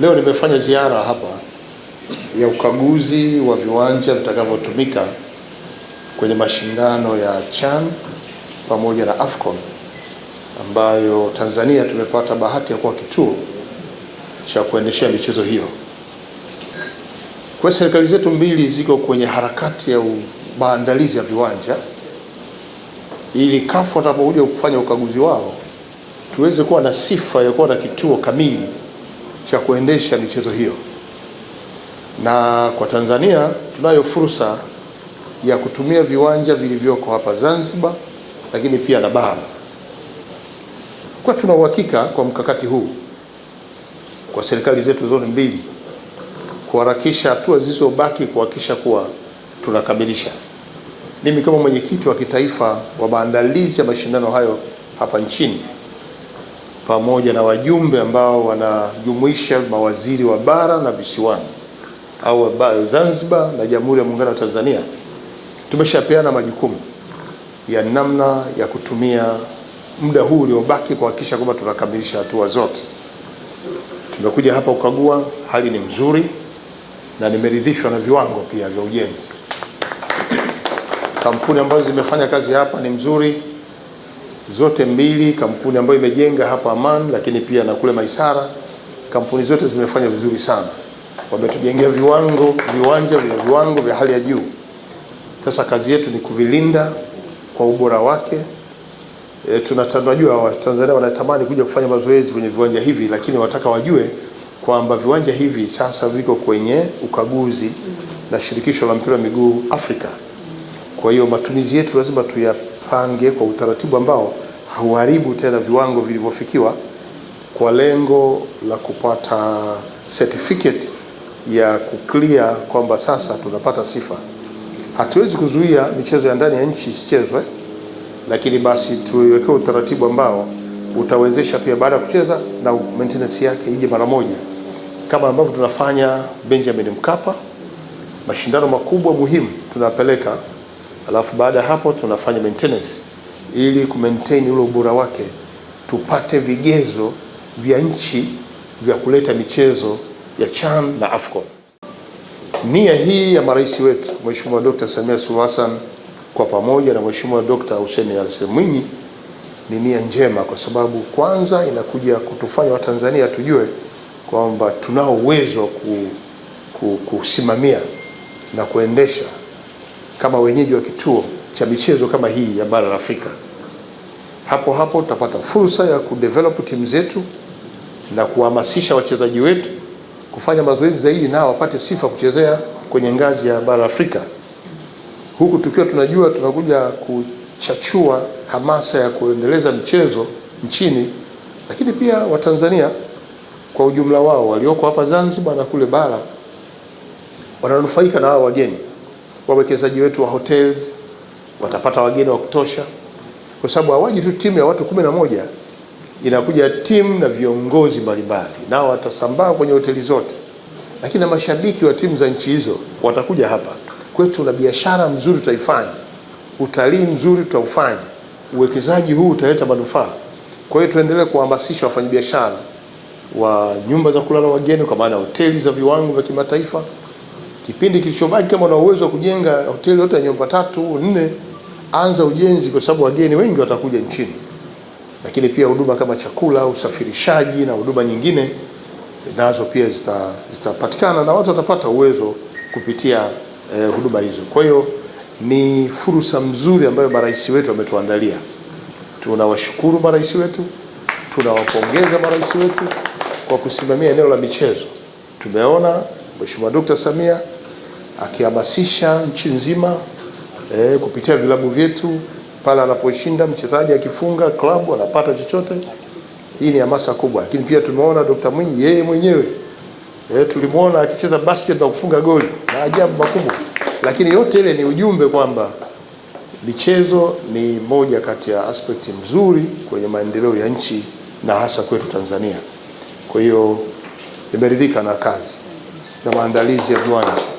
Leo nimefanya ziara hapa ya ukaguzi wa viwanja vitakavyotumika kwenye mashindano ya CHAN pamoja na AFCON ambayo Tanzania tumepata bahati ya kuwa kituo cha kuendeshea michezo hiyo. Kwa serikali zetu mbili ziko kwenye harakati ya maandalizi ya viwanja ili CAF watapokuja kufanya ukaguzi wao tuweze kuwa na sifa ya kuwa na kituo kamili cha kuendesha michezo hiyo, na kwa Tanzania tunayo fursa ya kutumia viwanja vilivyoko hapa Zanzibar, lakini pia na bara. Kwa tuna uhakika kwa mkakati huu kwa serikali zetu zote mbili kuharakisha hatua zilizobaki kuhakikisha kuwa tunakamilisha. Mimi kama mwenyekiti wa kitaifa wa maandalizi ya mashindano hayo hapa nchini pamoja na wajumbe ambao wanajumuisha mawaziri wa bara na visiwani au Zanzibar na Jamhuri ya Muungano wa Tanzania, tumeshapeana majukumu ya namna ya kutumia muda huu uliobaki kuhakikisha kwamba tunakamilisha hatua zote. Tumekuja hapa kukagua, hali ni mzuri na nimeridhishwa na viwango pia vya ujenzi. Kampuni ambazo zimefanya kazi hapa ni mzuri zote mbili, kampuni ambayo imejenga hapa Aman, lakini pia na kule Maisara, kampuni zote zimefanya vizuri sana, wametujengea viwango viwanja vya viwango vya hali ya juu. Sasa kazi yetu ni kuvilinda kwa ubora wake. E, tunajua Watanzania wanatamani kuja kufanya mazoezi kwenye viwanja hivi, lakini wanataka wajue kwamba viwanja hivi sasa viko kwenye ukaguzi na shirikisho la mpira wa miguu Afrika. Kwa hiyo matumizi yetu lazima tuya pange kwa utaratibu ambao hauharibu tena viwango vilivyofikiwa kwa lengo la kupata certificate ya kuklia kwamba sasa tunapata sifa. Hatuwezi kuzuia michezo ya ndani ya nchi isichezwe, lakini basi tuweke utaratibu ambao utawezesha pia baada ya kucheza na maintenance yake ije mara moja, kama ambavyo tunafanya Benjamin Mkapa. Mashindano makubwa muhimu tunapeleka alafu baada ya hapo tunafanya maintenance ili maintain ule ubora wake, tupate vigezo vya nchi vya kuleta michezo ya CHAN na AFCON. Nia hii ya marais wetu Mheshimiwa Dr. Samia Suluhu Hassan kwa pamoja na Mheshimiwa Dr. Hussein Ali Mwinyi ni nia njema, kwa sababu kwanza inakuja kutufanya Watanzania tujue kwamba tunao uwezo wa ku, ku, kusimamia na kuendesha kama wenyeji wa kituo cha michezo kama hii ya bara la Afrika. Hapo hapo tutapata fursa ya kudevelop timu zetu na kuhamasisha wachezaji wetu kufanya mazoezi zaidi, nao wapate sifa kuchezea kwenye ngazi ya bara Afrika, huku tukiwa tunajua tunakuja kuchachua hamasa ya kuendeleza mchezo nchini, lakini pia Watanzania kwa ujumla wao walioko hapa Zanzibar na kule bara wananufaika na hao wageni wawekezaji wetu wa hotels watapata wageni wa kutosha, kwa sababu hawaji tu timu ya watu kumi na moja, inakuja timu na viongozi mbalimbali, nao watasambaa kwenye hoteli zote, lakini na mashabiki wa timu za nchi hizo watakuja hapa kwetu, na biashara mzuri tutaifanya, utalii mzuri tutaufanya, uwekezaji huu utaleta manufaa. Kwa hiyo tuendelee kuhamasisha wafanyabiashara wa nyumba za kulala wageni, kwa maana hoteli za viwango vya kimataifa. Kipindi kilichobaki kama una uwezo wa kujenga hoteli yote ya nyumba tatu nne, anza ujenzi, kwa sababu wageni wengi watakuja nchini. Lakini pia huduma kama chakula, usafirishaji na huduma nyingine nazo pia zitapatikana zita na watu watapata uwezo kupitia eh, huduma hizo. Kwa hiyo ni fursa mzuri ambayo marais wetu wametuandalia. Tunawashukuru marais wetu, tunawapongeza marais wetu kwa kusimamia eneo la michezo. Tumeona Mheshimiwa Dkt. Samia akihamasisha nchi nzima e, kupitia vilabu vyetu pale anaposhinda mchezaji akifunga klabu anapata chochote. Hii ni hamasa kubwa, lakini pia tumeona Dr. Mwinyi yeye mwenyewe e, tulimwona akicheza basket na kufunga goli, maajabu makubwa. Lakini yote ile ni ujumbe kwamba michezo ni moja kati ya aspekti mzuri kwenye maendeleo ya nchi na hasa kwetu Tanzania. Kwa hiyo nimeridhika na kazi na maandalizi ya viwanja.